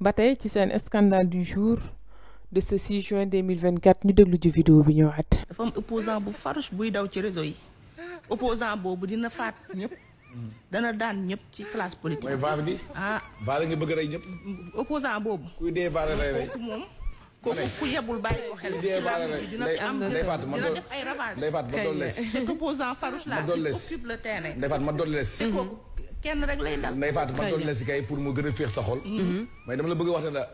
ba tey ci seen scandale du jour de ce 6 juin 2024 ñu déglu ci vidéo bi ñëwaat. dafa am opposant bu farouche buy daw ci réseau yi opposant boobu dina faat ñëpp. dana daan ñëpp ci classe politique. mooy vaar bi. ah vaar nga bëgg rey ñëpp. opposant boobu. kuy dee vaar lay rey moom. kooku ku yebul bàyyi ko xel ci làmb ji dina am dina def ay ravage Ndeye Fatou ma doon les cet opposant farouche là occupe le terrain Ndeye Fatou ma doon les te kooku kenn rek lay dal Ndeye Fatou ma doon les kay pour mu gën a féex sa xol mhm. mais dama la bëgg a wax ne la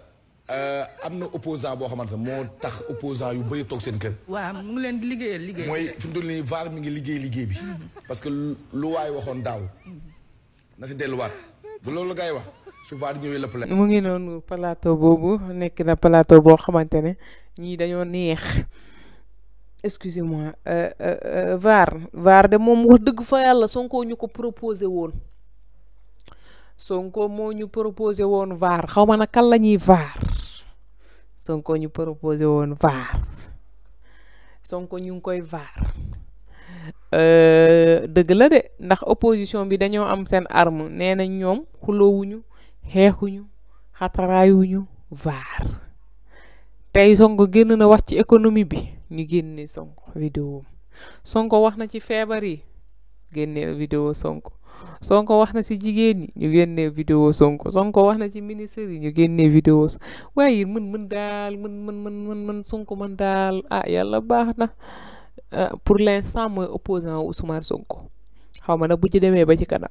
euh, am na opposant boo xamante ne moo tax opposant yu bëri toog seen kër waaw mu ngi leen di liggéeyal liggéey mooy fi mu toll nii VAR mi ngi liggéey liggéey bi mhm. parce que lu waay waxoon daaw na si delluwaat du loolu la gars yi wax souvent dañu ñëwee lépp mu ngi noonu plateau boobu nekk na plateau boo xamante ne ñii dañoo neex excusez-moi euh, euh, euh, Var Var de moom wax dëgg fa yàlla Sonko ñu ko proposé woon Sonko moo proposé woon Var xaw ma na kan la ñuy Var Sonko ñu proposé woon Var Sonko ñu ngi koy Var dëgg la de ndax opposition bi dañoo am seen arme nee na ñoom xuloowuñu xeexuñu xataraayuñu vaar tey Sonko génn na wax ci économie bi ñu génne sonk vidéo sonk wax na ci feebar yi génne vidéo sonk sonk wax na ci jigéen ñi ñu génne vidéo wax na ci ministre yi ñu génnee vidéo waaye mën mën daal mën mën mën mën mën Sonko mën daal ah yàlla baax na euh, pour l'instant mooy opposant Ousmane Sonko xaw ma nag bu ci demee ba ci kanam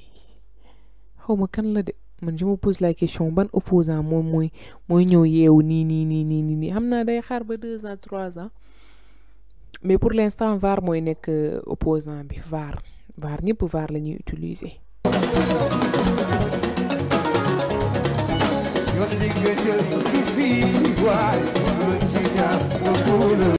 xaw kan la de man je pose la question ban opposant moy moy moy ñëw yeewu ni ni ni ni ni nii xam day xaar ba 2 ans 3 ans mais pour l'instant VAR moy nek euh, opposant bi VAR VAR ñëpp VAR la ñuy utiliser